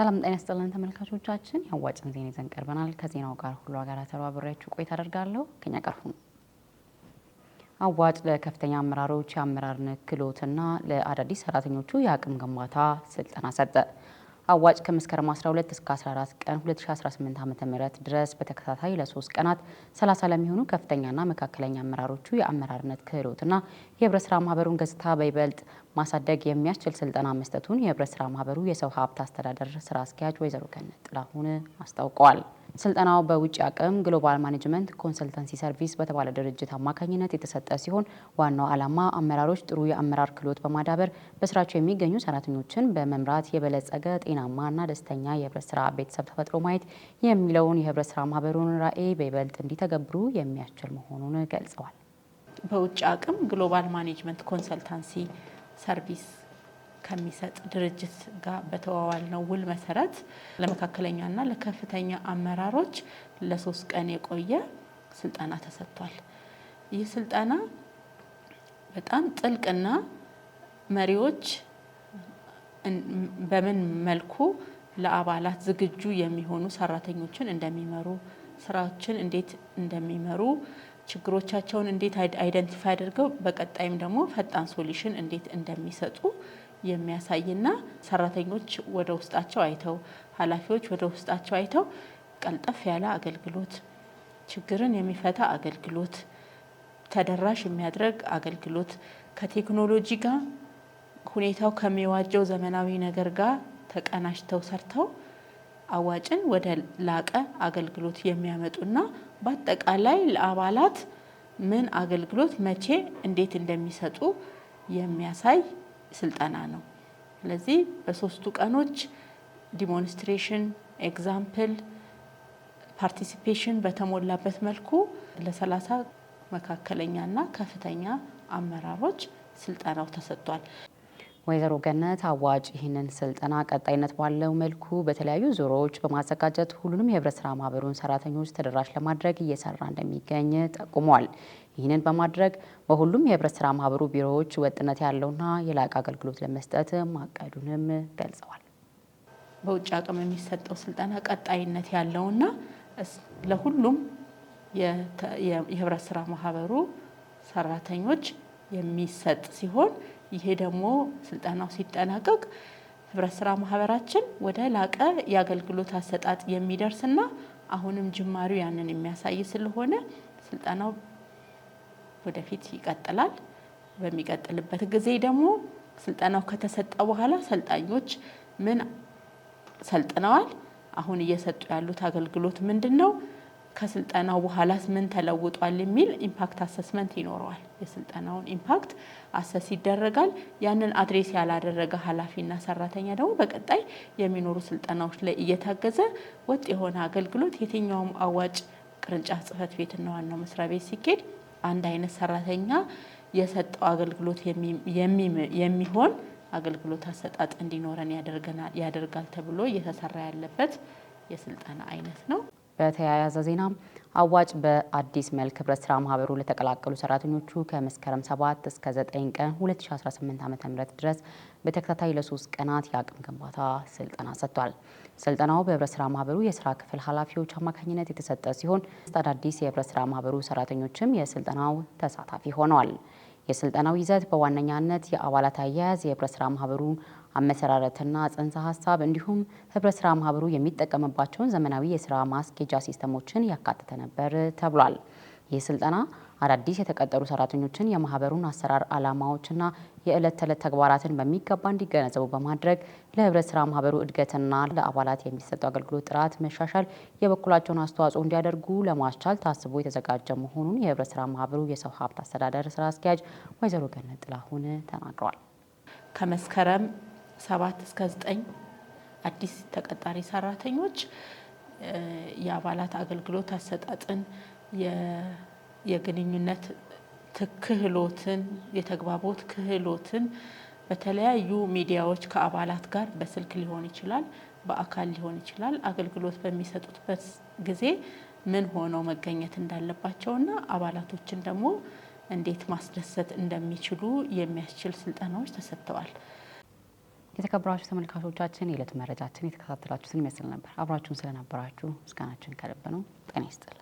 ሰላም ጤና ይስጥልን ተመልካቾቻችን፣ የአዋጭን ዜና ይዘን ቀርበናል። ከዜናው ጋር ሁሉ ሀገራ ተባብሬያችሁ ቆይታ አደርጋለሁ። ከኛ ቀርፉ አዋጭ ለከፍተኛ አመራሮች የአመራርነት ክህሎትና ለአዳዲስ ሰራተኞቹ የአቅም ግንባታ ስልጠና ሰጠ። አዋጭ ከመስከረም 12 እስከ 14 ቀን 2018 ዓ.ም ድረስ በተከታታይ ለሶስት ቀናት 30 ለሚሆኑ ከፍተኛና መካከለኛ አመራሮቹ የአመራርነት ክህሎትና የህብረት ስራ ማህበሩን ገጽታ በይበልጥ ማሳደግ የሚያስችል ስልጠና መስጠቱን የህብረት ስራ ማህበሩ የሰው ሀብት አስተዳደር ስራ አስኪያጅ ወይዘሮ ገነት ጥላሁን አስታውቀዋል። ስልጠናው በውጭ አቅም ግሎባል ማኔጅመንት ኮንሰልታንሲ ሰርቪስ በተባለ ድርጅት አማካኝነት የተሰጠ ሲሆን ዋናው ዓላማ አመራሮች ጥሩ የአመራር ክህሎት በማዳበር በስራቸው የሚገኙ ሰራተኞችን በመምራት የበለጸገ ጤናማና ደስተኛ የህብረት ስራ ቤተሰብ ተፈጥሮ ማየት የሚለውን የህብረት ስራ ማህበሩን ራዕይ በይበልጥ እንዲተገብሩ የሚያስችል መሆኑን ገልጸዋል። በውጭ አቅም ግሎባል ማኔጅመንት ኮንሰልታንሲ ሰርቪስ ከሚሰጥ ድርጅት ጋር ነው ውል መሰረት ለመካከለኛና ለከፍተኛ አመራሮች ለሶስት ቀን የቆየ ስልጠና ተሰጥቷል። ይህ ስልጠና በጣም ጥልቅና መሪዎች በምን መልኩ ለአባላት ዝግጁ የሚሆኑ ሰራተኞችን እንደሚመሩ፣ ስራዎችን እንዴት እንደሚመሩ፣ ችግሮቻቸውን እንዴት አይደንቲፋይ አድርገው በቀጣይም ደግሞ ፈጣን ሶሉሽን እንዴት እንደሚሰጡ የሚያሳይና ሰራተኞች ወደ ውስጣቸው አይተው ኃላፊዎች ወደ ውስጣቸው አይተው ቀልጠፍ ያለ አገልግሎት፣ ችግርን የሚፈታ አገልግሎት፣ ተደራሽ የሚያደርግ አገልግሎት ከቴክኖሎጂ ጋር ሁኔታው ከሚዋጀው ዘመናዊ ነገር ጋር ተቀናጅተው ሰርተው አዋጭን ወደ ላቀ አገልግሎት የሚያመጡና በአጠቃላይ ለአባላት ምን አገልግሎት መቼ እንዴት እንደሚሰጡ የሚያሳይ ስልጠና ነው። ስለዚህ በሶስቱ ቀኖች ዲሞንስትሬሽን፣ ኤግዛምፕል፣ ፓርቲሲፔሽን በተሞላበት መልኩ ለሰላሳ መካከለኛና ከፍተኛ አመራሮች ስልጠናው ተሰጥቷል። ወይዘሮ ገነት አዋጭ ይህንን ስልጠና ቀጣይነት ባለው መልኩ በተለያዩ ዙሮዎች በማዘጋጀት ሁሉንም የህብረት ስራ ማህበሩን ሰራተኞች ተደራሽ ለማድረግ እየሰራ እንደሚገኝ ጠቁሟል። ይህንን በማድረግ በሁሉም የህብረት ስራ ማህበሩ ቢሮዎች ወጥነት ያለውና የላቀ አገልግሎት ለመስጠት ማቀዱንም ገልጸዋል። በውጭ አቅም የሚሰጠው ስልጠና ቀጣይነት ያለውና ለሁሉም የህብረት ስራ ማህበሩ ሰራተኞች የሚሰጥ ሲሆን ይሄ ደግሞ ስልጠናው ሲጠናቀቅ ህብረት ስራ ማህበራችን ወደ ላቀ የአገልግሎት አሰጣጥ የሚደርስና አሁንም ጅማሬው ያንን የሚያሳይ ስለሆነ ስልጠናው ወደፊት ይቀጥላል። በሚቀጥልበት ጊዜ ደግሞ ስልጠናው ከተሰጠ በኋላ ሰልጣኞች ምን ሰልጥነዋል፣ አሁን እየሰጡ ያሉት አገልግሎት ምንድን ነው፣ ከስልጠናው በኋላስ ምን ተለውጧል የሚል ኢምፓክት አሰስመንት ይኖረዋል። የስልጠናውን ኢምፓክት አሰስ ይደረጋል። ያንን አድሬስ ያላደረገ ኃላፊና ሰራተኛ ደግሞ በቀጣይ የሚኖሩ ስልጠናዎች ላይ እየታገዘ ወጥ የሆነ አገልግሎት የትኛውም አዋጭ ቅርንጫፍ ጽህፈት ቤትና ዋናው መስሪያ ቤት ሲኬድ አንድ አይነት ሰራተኛ የሰጠው አገልግሎት የሚሆን አገልግሎት አሰጣጥ እንዲኖረን ያደርጋል ተብሎ እየተሰራ ያለበት የስልጠና አይነት ነው። በተያያዘ ዜናም አዋጭ በአዲስ መልክ ህብረት ስራ ማህበሩ ለተቀላቀሉ ሰራተኞቹ ከመስከረም 7 እስከ 9 ቀን 2018 ዓ.ም ድረስ በተከታታይ ለሶስት ቀናት የአቅም ግንባታ ስልጠና ሰጥቷል። ስልጠናው በህብረት ስራ ማህበሩ የስራ ክፍል ኃላፊዎች አማካኝነት የተሰጠ ሲሆን አዳዲስ የህብረት ስራ ማህበሩ ሰራተኞችም የስልጠናው ተሳታፊ ሆነዋል። የስልጠናው ይዘት በዋነኛነት የአባላት አያያዝ፣ የህብረት ስራ ማህበሩ አመሰራረትና ጽንሰ ሀሳብ እንዲሁም ህብረት ስራ ማህበሩ የሚጠቀምባቸውን ዘመናዊ የስራ ማስኬጃ ሲስተሞችን ያካተተ ነበር ተብሏል። ይህ ስልጠና አዳዲስ የተቀጠሩ ሰራተኞችን የማህበሩን አሰራር ዓላማዎችና የዕለት ተዕለት ተግባራትን በሚገባ እንዲገነዘቡ በማድረግ ለህብረት ስራ ማህበሩ እድገትና ለአባላት የሚሰጡ አገልግሎት ጥራት መሻሻል የበኩላቸውን አስተዋጽኦ እንዲያደርጉ ለማስቻል ታስቦ የተዘጋጀ መሆኑን የህብረት ስራ ማህበሩ የሰው ሀብት አስተዳደር ስራ አስኪያጅ ወይዘሮ ገነት ጥላሁን ተናግረዋል። ከመስከረም ሰባት እስከ ዘጠኝ አዲስ ተቀጣሪ ሰራተኞች የአባላት አገልግሎት አሰጣጥን የግንኙነት ክህሎትን የተግባቦት ክህሎትን በተለያዩ ሚዲያዎች ከአባላት ጋር በስልክ ሊሆን ይችላል፣ በአካል ሊሆን ይችላል። አገልግሎት በሚሰጡበት ጊዜ ምን ሆነው መገኘት እንዳለባቸውና አባላቶችን ደግሞ እንዴት ማስደሰት እንደሚችሉ የሚያስችል ስልጠናዎች ተሰጥተዋል። የተከበራችሁ ተመልካቾቻችን የዕለት መረጃችን የተከታተላችሁትን ይመስል ነበር። አብራችሁን ስለነበራችሁ ምስጋናችን ከልብ ነው። ጤና ይስጥል